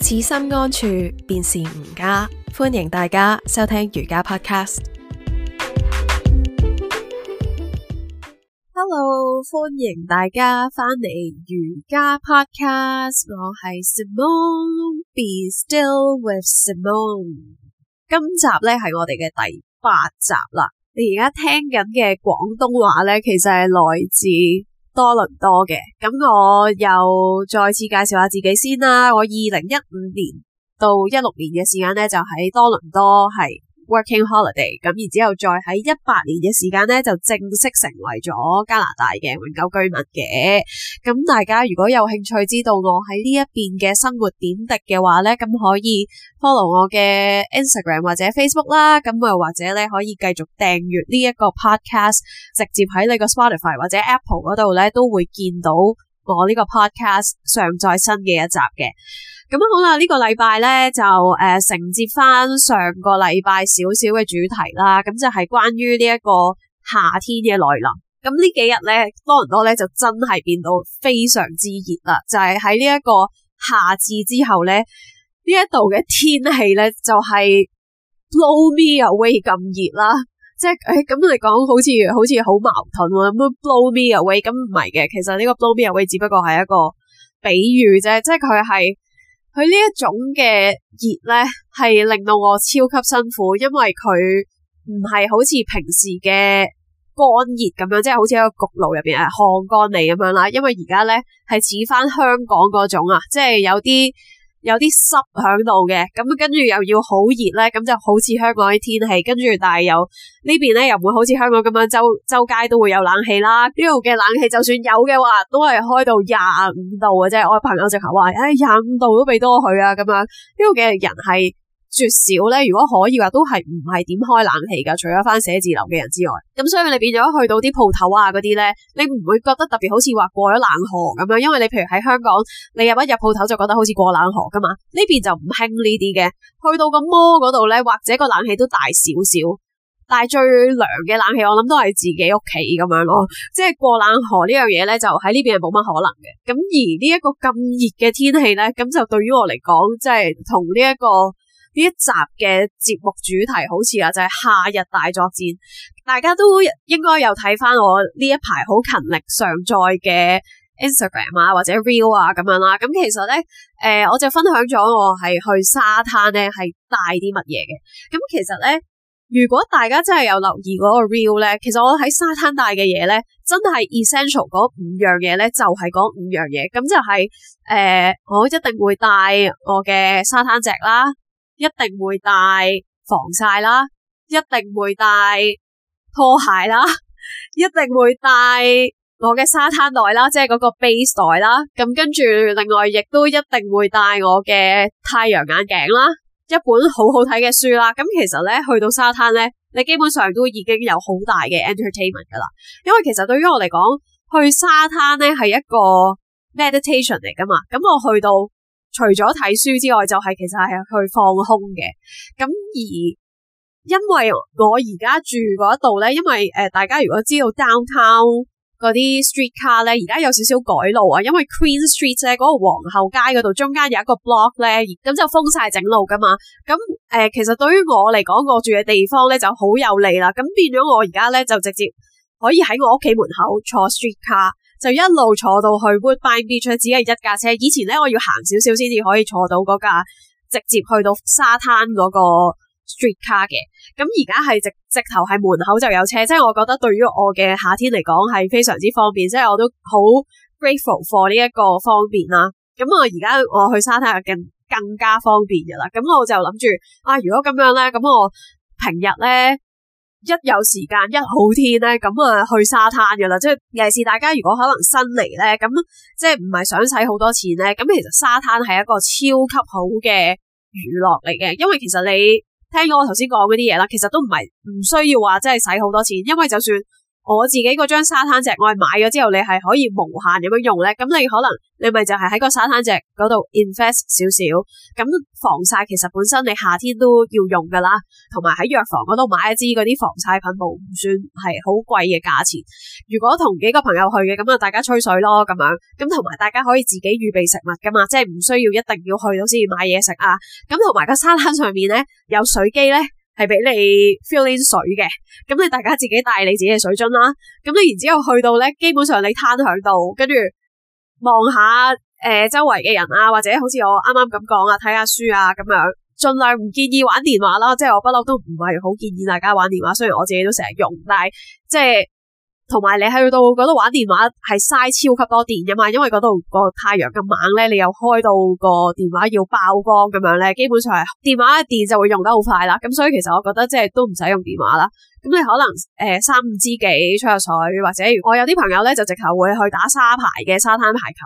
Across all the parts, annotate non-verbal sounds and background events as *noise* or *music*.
此心安處便是吾家，歡迎大家收聽瑜伽 podcast。Hello，歡迎大家翻嚟瑜伽 podcast，我係 Simone，Be Still with Simone。今集咧係我哋嘅第八集啦，你而家聽緊嘅廣東話咧，其實係來自。多倫多嘅，咁我又再次介紹下自己先啦。我二零一五年到一六年嘅時間咧，就喺多倫多係。Working holiday，咁然之後再喺一八年嘅時間咧，就正式成為咗加拿大嘅永久居民嘅。咁、嗯、大家如果有興趣知道我喺呢一邊嘅生活點滴嘅話咧，咁、嗯、可以 follow 我嘅 Instagram 或者 Facebook 啦。咁、嗯、又或者咧可以繼續訂閱呢一個 podcast，直接喺你個 Spotify 或者 Apple 嗰度咧都會見到。我呢個 podcast 上載新嘅一集嘅，咁好啦，呢個禮拜咧就誒承、呃、接翻上，上個禮拜少少嘅主題啦，咁就係關於呢一個夏天嘅來臨。咁呢幾日咧多倫多咧就真係變到非常之熱啦，就係喺呢一個夏至之後咧，呢一度嘅天氣咧就係、是、blow me away 咁熱啦。即係誒，咁嚟講好似好似好矛盾喎。咩「blow me away」？咁唔係嘅，其實呢個「blow me away」，只不過係一個比喻啫。即係佢係佢呢一種嘅熱咧，係令到我超級辛苦，因為佢唔係好似平時嘅乾熱咁樣，即係好似一個焗爐入邊係，烘乾你咁樣啦。因為而家咧係似翻香港嗰種啊，即係有啲。有啲濕響度嘅，咁跟住又要好熱咧，咁就好似香港啲天氣，跟住但係又呢邊呢，又唔會好似香港咁樣周周街都會有冷氣啦。呢度嘅冷氣就算有嘅話，都係開到廿五度嘅啫。我朋友直頭話，唉，廿五度都俾多佢啊咁樣。呢度嘅人係。絕少咧，如果可以話，都係唔係點開冷氣噶，除咗返寫字樓嘅人之外，咁所以你變咗去到啲鋪頭啊嗰啲咧，你唔會覺得特別好似話過咗冷河咁樣？因為你譬如喺香港，你入一入鋪頭就覺得好似過冷河噶嘛，呢邊就唔興呢啲嘅。去到個摩嗰度咧，或者個冷氣都大少少，但係最涼嘅冷氣我諗都係自己屋企咁樣咯，即係過冷河呢樣嘢咧，就喺呢邊係冇乜可能嘅。咁而這這呢一個咁熱嘅天氣咧，咁就對於我嚟講，即係同呢一個。呢一集嘅節目主題好似啊、就是，就係夏日大作戰。大家都應該有睇翻我呢一排好勤力上載嘅 Instagram 啊，或者 Reel 啊咁樣啦、啊。咁、嗯、其實咧，誒、呃，我就分享咗我係去沙灘咧，係帶啲乜嘢嘅。咁、嗯、其實咧，如果大家真係有留意嗰個 Reel 咧，其實我喺沙灘帶嘅嘢咧，真係 essential 嗰五樣嘢咧，就係、是、嗰五樣嘢。咁就係、是、誒、呃，我一定會帶我嘅沙灘席啦。一定會帶防曬啦，一定會帶拖鞋啦，一定會帶我嘅沙灘袋啦，即係嗰個 BEIS 袋啦。咁跟住，另外亦都一定會帶我嘅太陽眼鏡啦，一本好好睇嘅書啦。咁其實呢，去到沙灘呢，你基本上都已經有好大嘅 entertainment 噶啦。因為其實對於我嚟講，去沙灘呢係一個 meditation 嚟噶嘛。咁我去到。除咗睇書之外，就係其實係去放空嘅。咁而因為我而家住嗰度咧，因為誒大家如果知道 downtown 嗰啲 streetcar 咧，而家有少少改路啊，因為 Queen Street 咧嗰個皇后街嗰度中間有一個 block 咧，咁就封晒整路噶嘛。咁誒其實對於我嚟講，我住嘅地方咧就好有利啦。咁變咗我而家咧就直接可以喺我屋企門口坐 streetcar。就一路坐到去 Woodbine Beach，只係一架車。以前咧，我要行少少先至可以坐到嗰架直接去到沙灘嗰個 street car 嘅。咁而家係直直頭喺門口就有車，即係我覺得對於我嘅夏天嚟講係非常之方便，即係我都好 grateful for 呢一個方便啦。咁我而家我去沙灘更更加方便噶啦。咁我就諗住啊，如果咁樣咧，咁我平日咧。一有時間，一好天咧，咁啊去沙灘噶啦，即係尤其是大家如果可能新嚟咧，咁即係唔係想使好多錢咧，咁其實沙灘係一個超級好嘅娛樂嚟嘅，因為其實你聽我頭先講嗰啲嘢啦，其實都唔係唔需要話真係使好多錢，因為就算。我自己嗰張沙灘蓆，我係買咗之後，你係可以無限咁樣用咧。咁你可能你咪就係喺個沙灘蓆嗰度 invest 少少。咁防曬其實本身你夏天都要用噶啦，同埋喺藥房嗰度買一支嗰啲防曬品冇唔算係好貴嘅價錢。如果同幾個朋友去嘅，咁啊大家吹水咯咁樣。咁同埋大家可以自己預備食物噶嘛，即係唔需要一定要去到先買嘢食啊。咁同埋個沙灘上面咧有水機咧。係俾你 fill in 水嘅，咁你大家自己帶你自己嘅水樽啦。咁你然之後去到咧，基本上你攤喺度，跟住望下誒，周圍嘅人啊，或者好似我啱啱咁講啊，睇下書啊咁樣，盡量唔建議玩電話啦。即係我不嬲都唔係好建議大家玩電話，雖然我自己都成日用，但係即係。同埋你去到嗰度玩電話係嘥超級多電吖嘛，因為嗰度個太陽咁猛咧，你又開到個電話要爆光咁樣咧，基本上係電話嘅電就會用得好快啦。咁所以其實我覺得即係都唔使用，用電話啦。咁你可能誒、欸、三五知己吹下水，或者我有啲朋友咧就直頭會去打沙排嘅沙灘排球。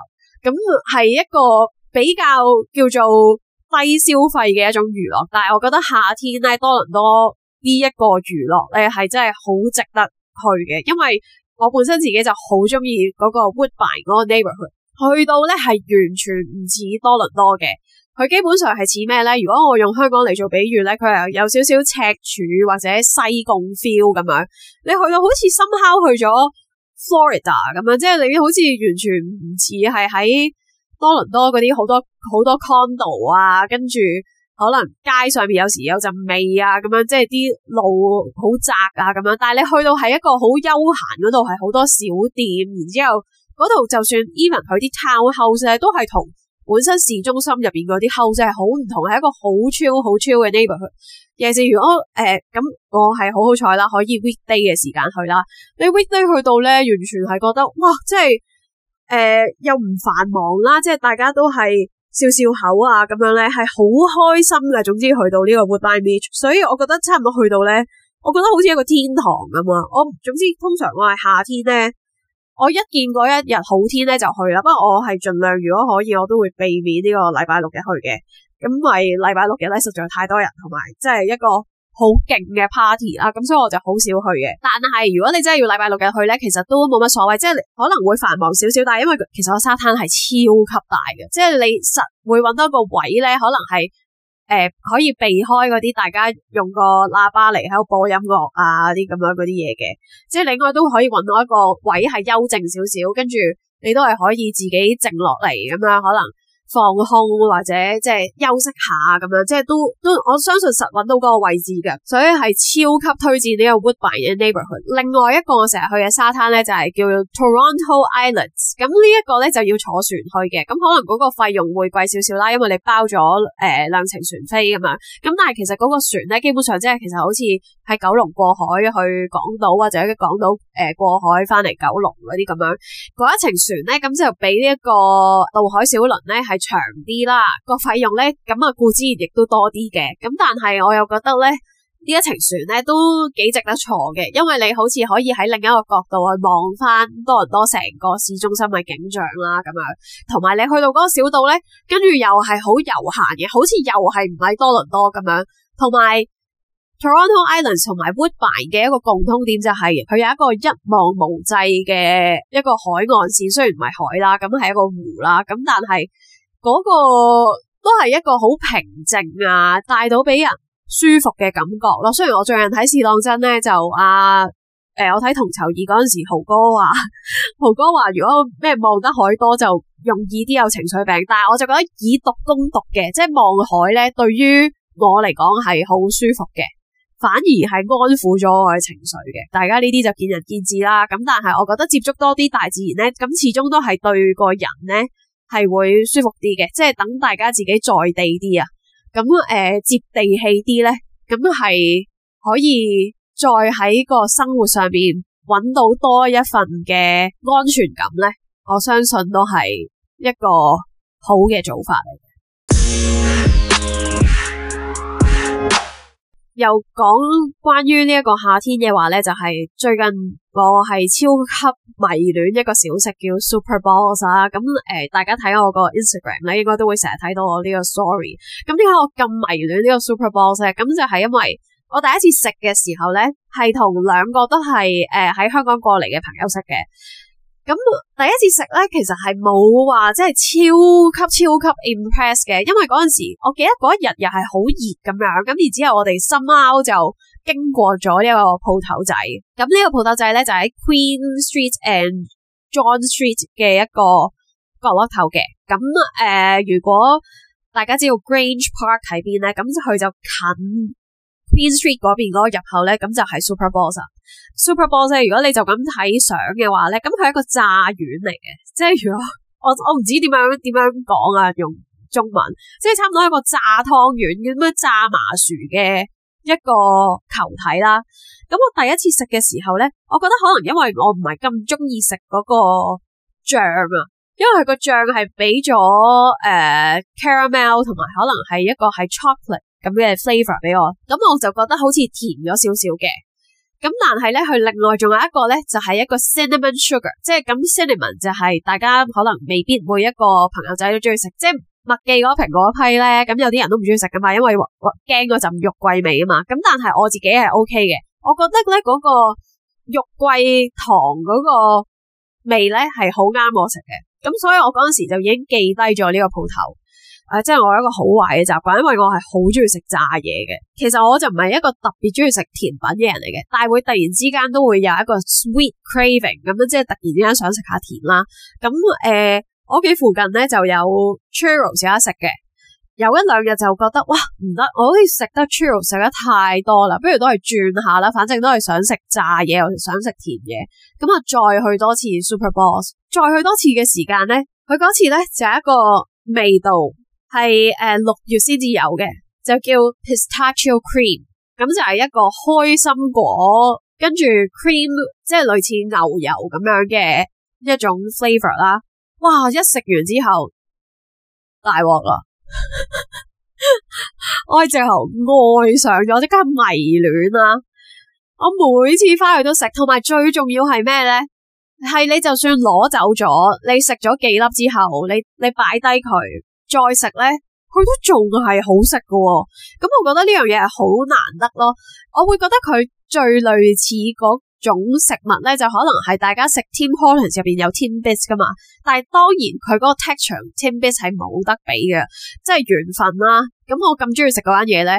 咁係一個比較叫做低消費嘅一種娛樂，但係我覺得夏天咧多倫多呢一個娛樂咧係真係好值得去嘅，因為我本身自己就好中意嗰個 Woodbine 嗰個 neighborhood，去到咧係完全唔似多倫多嘅，佢基本上係似咩咧？如果我用香港嚟做比喻咧，佢係有少少赤柱或者西貢 feel 咁樣，你去到好似 somehow 去咗 Florida 咁樣，即係你好似完全唔似係喺多倫多嗰啲好多好多 condo 啊，跟住。可能街上面有時有陣味啊，咁樣，即係啲路好窄啊，咁樣。但係你去到係一個好悠閒嗰度，係好多小店，然之後嗰度就算 even 佢啲 townhouse 都係同本身市中心入邊嗰啲 house 係好唔同，係一個好 chill 好 chill 嘅 neighbor。尤其是，如果誒咁、呃、我係好好彩啦，可以 weekday 嘅時間去啦。你 weekday 去到咧，完全係覺得哇，即係誒、呃、又唔繁忙啦，即係大家都係。笑笑口啊，咁樣咧，係好開心嘅。總之去到呢個 Woodbine Beach 所以我覺得差唔多去到咧，我覺得好似一個天堂咁啊。我總之通常我係夏天咧，我一見嗰一日好天咧就去啦。不過我係盡量如果可以，我都會避免呢個禮拜六日去嘅。咁咪禮拜六日咧，實在太多人同埋即係一個。好勁嘅 party 啦，咁所以我就好少去嘅。但係如果你真係要禮拜六日去咧，其實都冇乜所謂，即係可能會繁忙少少，但係因為其實個沙灘係超級大嘅，即係你實會搵到一個位咧，可能係誒、呃、可以避開嗰啲大家用個喇叭嚟喺度播音樂啊啲咁樣嗰啲嘢嘅，即係另外都可以搵到一個位係幽靜少少，跟住你都係可以自己靜落嚟咁樣可能。放空或者即係休息下咁樣，即係都都我相信實揾到嗰個位置嘅，所以係超級推薦呢個 Woodbine neighbourhood。另外一個我成日去嘅沙灘咧就係叫 Toronto Islands。咁呢一個咧就要坐船去嘅，咁可能嗰個費用會貴少少啦，因為你包咗誒兩程船飛咁樣。咁但係其實嗰個船咧，基本上即係其實好似喺九龍過海去港島或者港島誒過海返嚟九龍嗰啲咁樣，嗰一程船咧咁就俾呢一個渡海小輪咧係。長啲啦，個費用咧咁啊，固之然亦都多啲嘅。咁但係我又覺得咧，呢一程船咧都幾值得坐嘅，因為你好似可以喺另一個角度去望翻多倫多成個市中心嘅景象啦。咁樣同埋你去到嗰個小島咧，跟住又係好悠閒嘅，好似又係唔係多倫多咁樣。同埋 Toronto Islands 同埋 Woodbine 嘅一個共通點就係，佢有一個一望無際嘅一個海岸線，雖然唔係海啦，咁係一個湖啦，咁但係。嗰個都係一個好平靜啊，帶到俾人舒服嘅感覺咯。雖然我最近睇視當真咧，就啊，誒、呃，我睇同囚二嗰陣時，豪哥話，豪哥話，如果咩望得海多就容易啲有情緒病，但係我就覺得以毒攻毒嘅，即係望海咧，對於我嚟講係好舒服嘅，反而係安撫咗我嘅情緒嘅。大家呢啲就見仁見智啦。咁但係我覺得接觸多啲大自然咧，咁始終都係對個人咧。係會舒服啲嘅，即係等大家自己在地啲啊，咁誒、呃、接地氣啲咧，咁係可以再喺個生活上面揾到多一份嘅安全感咧，我相信都係一個好嘅做法嚟嘅。又講關於呢一個夏天嘅話咧，就係最近我係超級迷戀一個小食叫 Super Balls 啊！咁誒，大家睇我個 Instagram 咧，應該都會成日睇到我呢個 story。咁點解我咁迷戀呢個 Super Balls 咧？咁就係因為我第一次食嘅時候咧，係同兩個都係誒喺香港過嚟嘅朋友食嘅。咁第一次食咧，其實係冇話即係超級超級 impress 嘅，因為嗰陣時我記得嗰一日又係好熱咁樣，咁然之後我哋 somehow 就經過咗一個鋪頭仔，咁呢個鋪頭仔咧就喺 Queen Street and John Street 嘅一個角落頭嘅，咁誒如果大家知道 Grange Park 喺邊咧，咁佢就近。P 街嗰邊嗰個入口咧，咁就係 Super Balls。Super Balls 如果你就咁睇相嘅話咧，咁佢係一個炸丸嚟嘅，即係如果我我唔知點樣點樣講啊，用中文，即係差唔多係一個炸湯圓咁樣炸麻薯嘅一個球體啦。咁我第一次食嘅時候咧，我覺得可能因為我唔係咁中意食嗰個醬啊，因為佢個醬係俾咗誒、呃、caramel 同埋可能係一個係 chocolate。咁嘅 flavor 俾我，咁我就覺得好似甜咗少少嘅。咁但係咧，佢另外仲有一個咧，就係一個 cinnamon sugar，即係咁 cinnamon 就係大家可能未必每一個朋友仔都中意食，即係麥記嗰蘋果批咧，咁有啲人都唔中意食噶嘛，因為我驚嗰陣肉桂味啊嘛。咁但係我自己係 OK 嘅，我覺得咧嗰個肉桂糖嗰個味咧係好啱我食嘅。咁所以我嗰陣時就已經記低咗呢個鋪頭。誒，即係我有一個好壞嘅習慣，因為我係好中意食炸嘢嘅。其實我就唔係一個特別中意食甜品嘅人嚟嘅，但係會突然之間都會有一個 sweet craving 咁樣，即係突然之間想食下甜啦。咁誒、呃，我屋企附近咧就有 churros 有得食嘅。有一兩日就覺得哇唔得，我好似食得 churros 食得太多啦，不如都係轉下啦，反正都係想食炸嘢，又想食甜嘢。咁啊，再去多次 Super Balls，再去多次嘅時間咧，佢嗰次咧就係、是、一個味道。係誒、呃、六月先至有嘅，就叫 Pistachio Cream，咁就係一個開心果跟住 cream，即係類似牛油咁樣嘅一種 flavor 啦。哇！一食完之後大鑊啦，我最後愛上咗，即刻迷戀啦。我每次翻去都食，同埋最重要係咩咧？係你就算攞走咗，你食咗幾粒之後，你你擺低佢。再食咧，佢都仲係好食噶、哦，咁、嗯、我覺得呢樣嘢係好難得咯。我會覺得佢最類似嗰種食物咧，就可能係大家食 Tim Hortons 入邊有 Tim Bits 噶嘛。但係當然佢嗰個 texture Tim Bits 係冇得比嘅，即係緣分啦、啊。咁、嗯、我咁中意食嗰班嘢咧，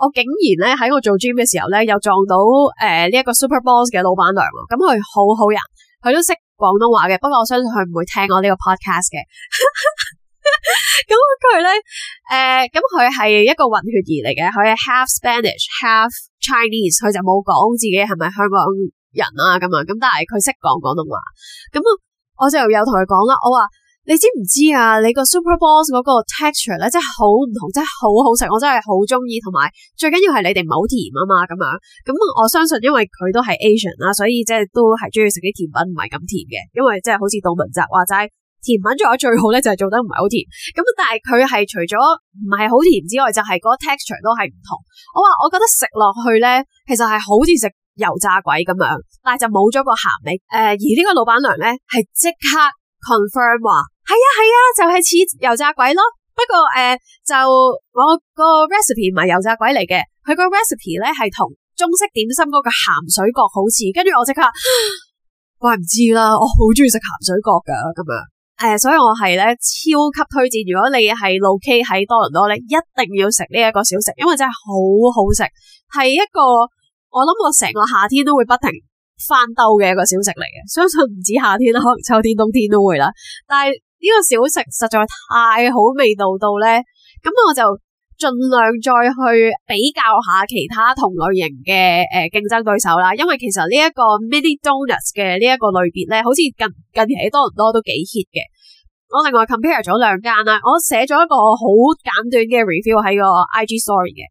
我竟然咧喺我做 gym 嘅時候咧，又撞到誒呢一個 Super Balls 嘅老闆娘啊。咁佢好好人，佢都識廣東話嘅，不過我相信佢唔會聽我呢個 podcast 嘅。 *laughs* 咁佢咧，誒，咁佢係一個混血兒嚟嘅，佢係 half Spanish half Chinese，佢就冇講自己係咪香港人啊咁啊，咁但係佢識講廣東話，咁我就有同佢講啦，我話你知唔知啊？你個 Super Balls 嗰個 texture 咧，真係好唔同，真係好好食，我真係好中意，同埋最緊要係你哋唔好甜啊嘛，咁樣，咁我相信因為佢都係 Asian 啦，所以即係都係中意食啲甜品唔係咁甜嘅，因為即係好似杜汶澤話齋。甜品做得最好咧，就係做得唔係好甜。咁但係佢係除咗唔係好甜之外，就係、是、嗰個 texture 都係唔同。我話我覺得食落去咧，其實係好似食油炸鬼咁樣，但係就冇咗個鹹味。誒、呃，而呢個老闆娘咧係即刻 confirm 話係啊係啊，就係、是、似油炸鬼咯。不過誒、呃，就我個 recipe 唔係油炸鬼嚟嘅，佢個 recipe 咧係同中式點心嗰個鹹水角好似。跟住我即刻，我唔知啦，我好中意食鹹水角噶咁樣。誒，所以我係咧超級推薦，如果你係路 K 喺多倫多咧，一定要食呢一個小食，因為真係好好食，係一個我諗我成個夏天都會不停翻兜嘅一個小食嚟嘅，相信唔止夏天啦，可能秋天、冬天都會啦。但係呢個小食實在太好味道到咧，咁我就盡量再去比較下其他同類型嘅誒競爭對手啦，因為其實呢一個 mini donuts 嘅呢一個類別咧，好似近近期喺多倫多都幾 hit 嘅。我另外 compare 咗兩間啦，我寫咗一個好簡短嘅 review 喺個 IG story 嘅。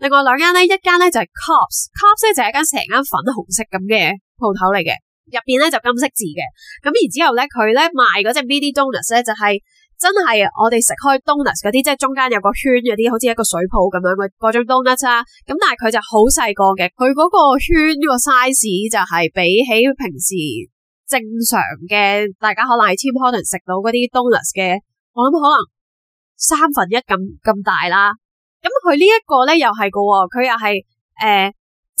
另外兩間咧，一間咧就係 Cops，Cops 咧就係一間成間粉紅色咁嘅鋪頭嚟嘅，入邊咧就金色字嘅。咁然之後咧，佢咧賣嗰隻 mini donuts 咧，就係真係我哋食開 donuts 嗰啲，即係中間有個圈嗰啲，好似一個水泡咁樣嘅嗰種 donuts 啦。咁但係佢就好細個嘅，佢嗰個圈呢個 size 就係比起平時。正常嘅，大家可能喺 Tim Hortons 可能食到嗰啲 donuts 嘅，我諗可能三分一咁咁大啦。咁佢呢一個咧又係個喎，佢又係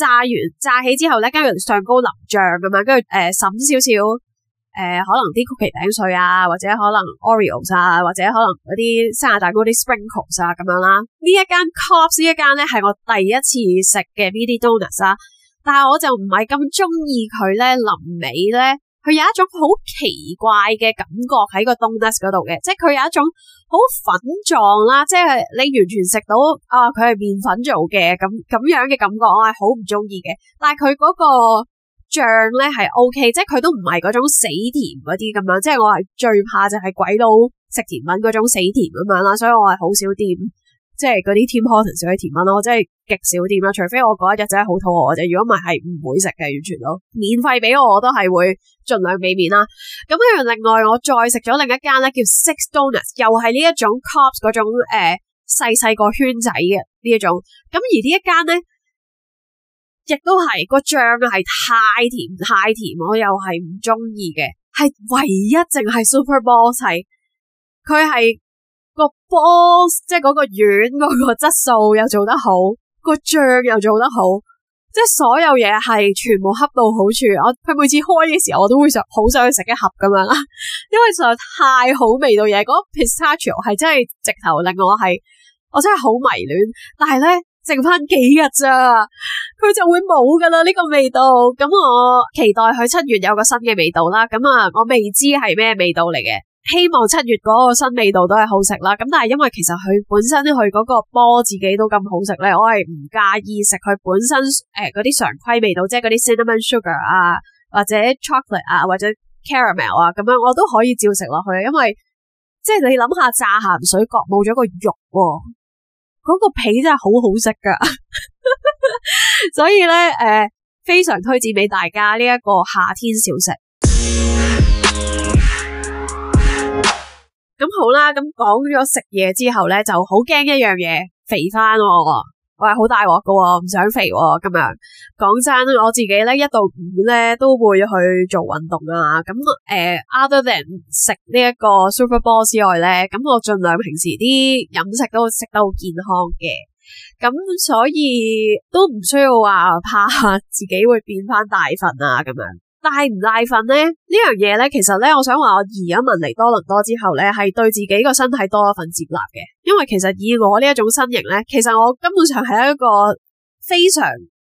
誒炸完炸起之後咧，跟住上高淋醬咁樣，跟住誒揈少少誒，可能啲曲奇餅碎啊，或者可能 Oreos 啊，或者可能嗰啲加拿大嗰啲 sprinkles 啊咁樣啦。一一呢一間 Cops 呢一間咧係我第一次食嘅 V D Donuts 啦、啊。但係我就唔係咁中意佢咧，臨尾咧。佢有一種好奇怪嘅感覺喺個 donuts 嗰度嘅，即係佢有一種好粉狀啦，即係你完全食到啊，佢係麵粉做嘅咁咁樣嘅感覺，我係好唔中意嘅。但係佢嗰個醬咧係 OK，即係佢都唔係嗰種死甜嗰啲咁樣，即係我係最怕就係鬼佬食甜品嗰種死甜咁樣啦，所以我係好少掂。即係嗰啲 Tim Hortons 少啲甜品咯，即真係極少啲啦，除非我嗰一日真係好肚餓啫。如果唔係，係唔會食嘅，完全咯。免費俾我，我都係會盡量俾面啦。咁跟住另外，我再食咗另一間咧，叫 Six Donuts，又係呢一種 cops 嗰種誒細細個圈仔嘅呢一種。咁而一呢一間咧亦都係個醬係太甜太甜，我又係唔中意嘅，係唯一淨係 Super Balls 係佢係。個 ball 即係嗰個丸，嗰個質素又做得好，個醬又做得好，即係所有嘢係全部恰到好處。我佢每次開嘅時候，我都會想好想去食一盒咁樣啦，因為實在太好味道嘢。嗰個 pistachio 係真係直頭令我係我真係好迷戀，但係咧剩翻幾日咋，佢就會冇噶啦呢個味道。咁我期待佢七月有個新嘅味道啦。咁啊，我未知係咩味道嚟嘅。希望七月嗰個新味道都係好食啦，咁但係因為其實佢本身佢嗰個波自己都咁好食咧，我係唔介意食佢本身誒嗰啲常規味道，即係嗰啲 cinnamon sugar 啊，或者 chocolate 啊，或者 caramel 啊咁樣，我都可以照食落去，因為即係你諗下炸咸水角冇咗個肉、啊，嗰、嗰個皮真係好好食噶，所以咧誒、呃，非常推薦俾大家呢一個夏天小食。咁好啦，咁講咗食嘢之後咧，就好驚一樣嘢肥翻、哦，我係好大鑊噶，唔、哦、想肥咁、哦、樣。講真，我自己咧一到五咧都會去做運動啊。咁誒，other than 食呢一個 Super Balls 之外咧，咁我盡量平時啲飲食都食得好健康嘅。咁所以都唔需要話怕自己會變翻大份啊，咁樣。大唔大份咧？呢樣嘢咧，其實咧，我想話我移咗民嚟多倫多之後咧，係對自己個身體多一份接納嘅。因為其實以我呢一種身形咧，其實我根本上係一個非常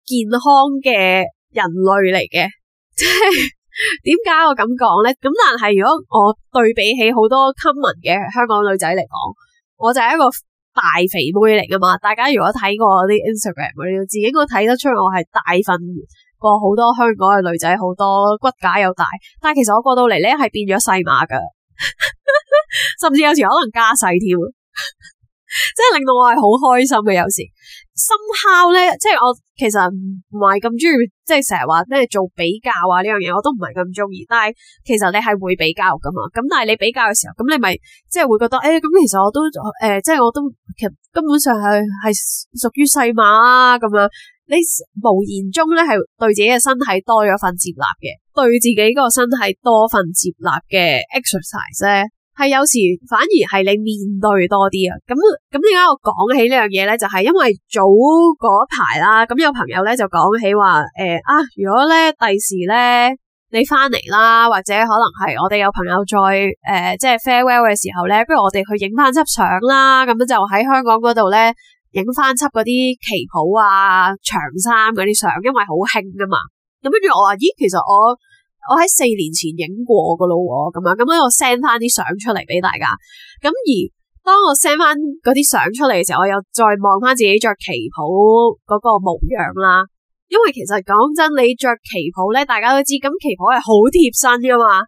健康嘅人類嚟嘅。即係點解我咁講咧？咁但係如果我對比起好多 common 嘅香港女仔嚟講，我就係一個大肥妹嚟噶嘛。大家如果睇過我啲 Instagram，你要自己應該睇得出我係大份過好多香港嘅女仔好多骨架又大，但係其實我過到嚟咧係變咗細碼噶， *laughs* 甚至有時可能加細添， *laughs* 即係令到我係好開心嘅。 *laughs* 有時心烤咧，即係我其實唔係咁中意，即係成日話咩做比較啊呢樣嘢，我都唔係咁中意。但係其實你係會比較噶嘛？咁但係你比較嘅時候，咁你咪即係會覺得誒，咁、哎、其實我都誒、呃，即係我都其實根本上係係屬於細碼啊咁樣。你無言中咧係對自己嘅身體多咗份接納嘅，對自己個身體多份接納嘅 exercise 咧，係有時反而係你面對多啲啊。咁咁點解我講起呢樣嘢咧？就係、是、因為早嗰排啦，咁有朋友咧就講起話，誒、呃、啊，如果咧第時咧你翻嚟啦，或者可能係我哋有朋友再誒、呃、即係 farewell 嘅時候咧，不如我哋去影翻輯相啦，咁就喺香港嗰度咧。影翻輯嗰啲旗袍啊、長衫嗰啲相，因為好興噶嘛。咁跟住我話，咦，其實我我喺四年前影過噶咯，咁樣咁樣，我 send 翻啲相出嚟俾大家。咁而當我 send 翻嗰啲相出嚟嘅時候，我又再望翻自己着旗袍嗰個模樣啦。因為其實講真，你着旗袍咧，大家都知，咁旗袍係好貼身噶嘛。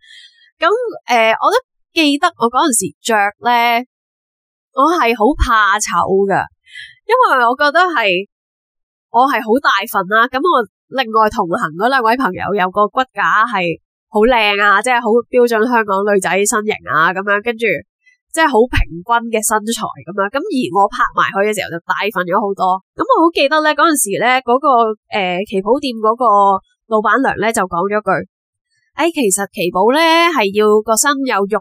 咁誒、呃，我都記得我嗰陣時着咧，我係好怕醜噶。因為我覺得係我係好大份啦、啊，咁我另外同行嗰兩位朋友有個骨架係好靚啊，即係好標準香港女仔身形啊，咁樣跟住即係好平均嘅身材咁樣，咁而我拍埋佢嘅時候就大份咗好多，咁我好記得咧嗰陣時咧嗰、嗰個誒旗袍店嗰個老闆娘咧就講咗句，誒、哎、其實旗袍咧係要個身有肉。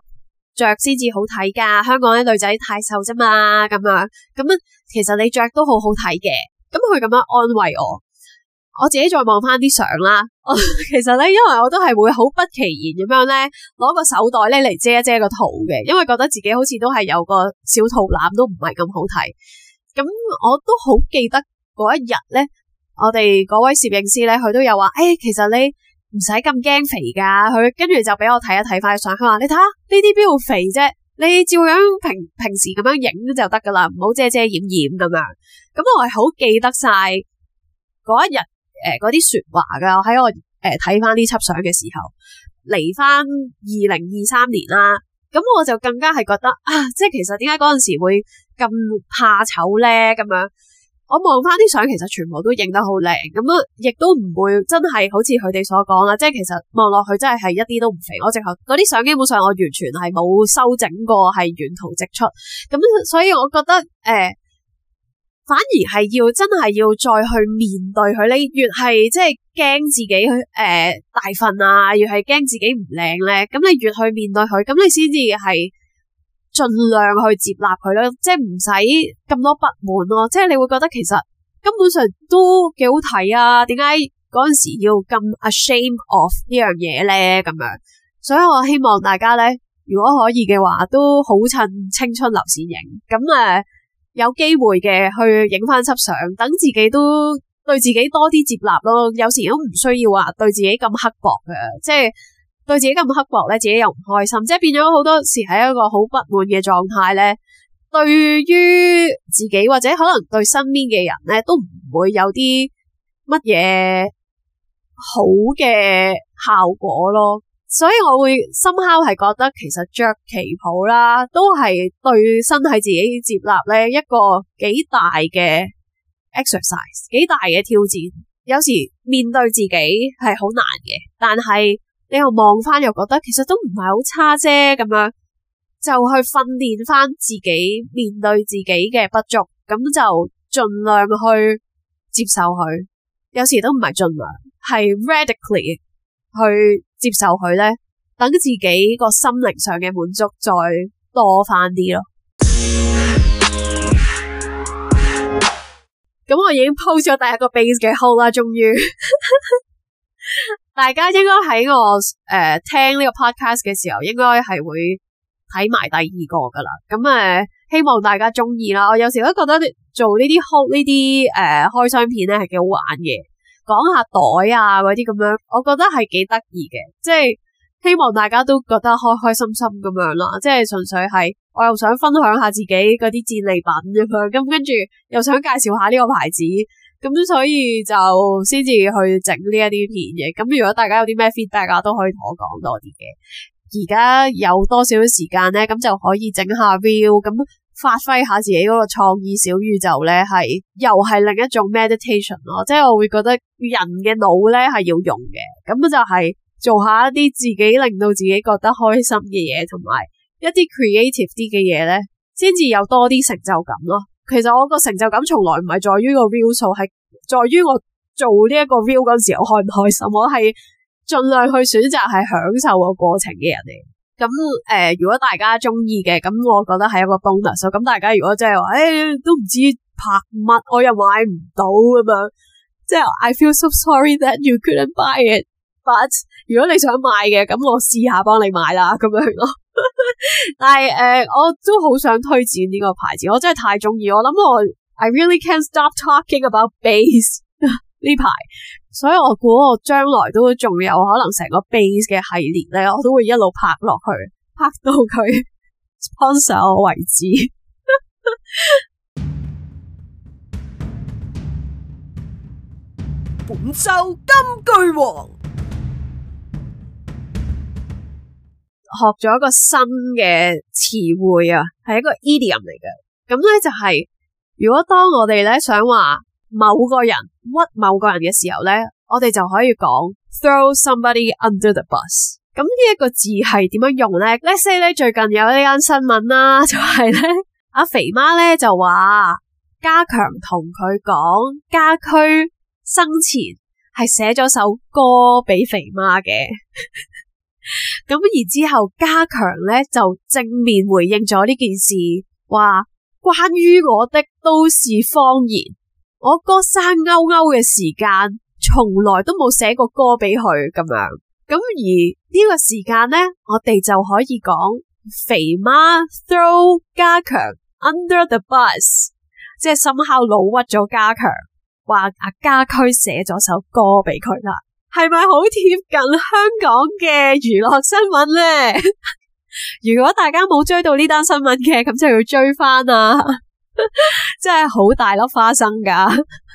着先至好睇噶香港啲女仔太瘦啫嘛，咁樣咁啊，其實你着都好好睇嘅，咁佢咁樣安慰我，我自己再望翻啲相啦。我其實咧，因為我都係會好不其然咁樣咧，攞個手袋咧嚟遮一遮一個肚嘅，因為覺得自己好似都係有個小肚腩都，都唔係咁好睇。咁我都好記得嗰一日咧，我哋嗰位攝影師咧，佢都有話，誒、欸，其實你。唔使咁驚肥噶，佢跟住就俾我睇一睇翻相，佢話，你睇下呢啲邊度肥啫，你照樣平平時咁樣影就得噶啦，唔好遮遮掩掩咁樣。咁、嗯、我係好記得晒嗰一日誒嗰啲說話噶，我喺我誒睇翻呢輯相嘅時候，嚟翻二零二三年啦，咁、嗯、我就更加係覺得啊，即係其實點解嗰陣時會咁怕醜咧咁樣？我望翻啲相，其實全部都影得好靚，咁啊，亦都唔會真係好似佢哋所講啦。即係其實望落去，真係係一啲都唔肥。我直頭嗰啲相基本上，我完全係冇修整過，係原圖直出。咁所以，我覺得誒、呃，反而係要真係要再去面對佢。你越係即係驚自己誒、呃、大份啊，越係驚自己唔靚咧。咁你越去面對佢，咁你先至係。盡量去接納佢咯，即係唔使咁多不滿咯。即係你會覺得其實根本上都幾好睇啊，點解嗰陣時要咁 ashamed of 呢樣嘢咧？咁樣，所以我希望大家咧，如果可以嘅話，都好趁青春流線影。咁啊，有機會嘅去影翻輯相，等自己都對自己多啲接納咯。有時都唔需要話對自己咁刻薄噶，即係。對自己咁刻薄咧，自己又唔開心，即係變咗好多時係一個好不滿嘅狀態咧。對於自己或者可能對身邊嘅人咧，都唔會有啲乜嘢好嘅效果咯。所以我會深刻係覺得，其實着旗袍啦，都係對身體自己接納咧一個幾大嘅 exercise，幾大嘅挑戰。有時面對自己係好難嘅，但係。你又望翻又覺得其實都唔係好差啫，咁樣就去訓練翻自己面對自己嘅不足，咁就盡量去接受佢。有時都唔係盡量，係 radically 去接受佢咧，等自己個心靈上嘅滿足再多翻啲咯。咁 *music* 我已經 post 咗第一個 BEIS 嘅 haul 啦，終於。 *laughs* 大家應該喺我誒、呃、聽呢個 podcast 嘅時候，應該係會睇埋第二個噶啦。咁誒、呃，希望大家中意啦。我有時都覺得做呢啲 haul 呢啲誒開箱片咧係幾好玩嘅，講下袋啊嗰啲咁樣，我覺得係幾得意嘅。即係希望大家都覺得開開心心咁樣啦。即係純粹係我又想分享下自己嗰啲戰利品咁樣，咁跟住又想介紹下呢個牌子。咁所以就先至去整呢一啲片嘅。咁如果大家有啲咩 feedback，大家都可以同我講多啲嘅。而家有多少時間咧？咁就可以整下 view，咁發揮下自己嗰個創意小宇宙咧，係又係另一種 meditation 咯。即係我會覺得人嘅腦咧係要用嘅。咁就係做下一啲自己令到自己覺得開心嘅嘢，同埋一啲 creative 啲嘅嘢咧，先至有多啲成就感咯。其實我個成就感從來唔係在於個 view 數，係在於我做呢一個 view 嗰時候開唔開心。我係盡量去選擇係享受個過程嘅人嚟。咁誒、呃，如果大家中意嘅，咁我覺得係一個 bonus。咁大家如果真係話，誒、欸、都唔知拍乜，我又買唔到咁樣，即係 I feel so sorry that you couldn't buy it。But 如果你想買嘅，咁我試下幫你買啦，咁樣咯。 *laughs* 但係誒、呃，我都好想推薦呢個牌子，我真係太中意。我諗我，I really can't stop talking about base 呢 *laughs* 排，所以我估我將來都會仲有可能成個 base 嘅系列咧，我都會一路拍落去，拍到佢 sponsor 我為止。 *laughs* 本周金句王。學咗一個新嘅詞彙啊，係一個 idiom 嚟嘅。咁咧就係、是，如果當我哋咧想話某個人屈某個人嘅時候咧，我哋就可以講 throw somebody under the bus。咁呢一個字係點樣用咧？Let’s say 咧，最近有呢間新聞啦，就係咧阿肥媽咧就話家強同佢講，家駒生前係寫咗首歌俾肥媽嘅。咁而之後強呢，家強咧就正面回應咗呢件事，話關於我的都係謊言。我哥生勾勾嘅時間，從來都冇寫過歌俾佢咁樣。咁而呢個時間咧，我哋就可以講肥媽 throw 家強 under the bus，即係心口老屈咗。家強話阿家駒寫咗首歌俾佢啦。係咪好貼近香港嘅娛樂新聞呢？ *laughs* 如果大家冇追到呢單新聞嘅，咁就要追返喇！ *laughs* 真係好大粒花生噶 *laughs* ～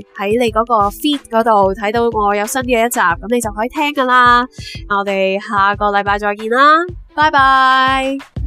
喺你嗰個 feed 嗰度睇到我有新嘅一集，咁你就可以聽㗎啦。我哋下個禮拜再見啦，拜拜。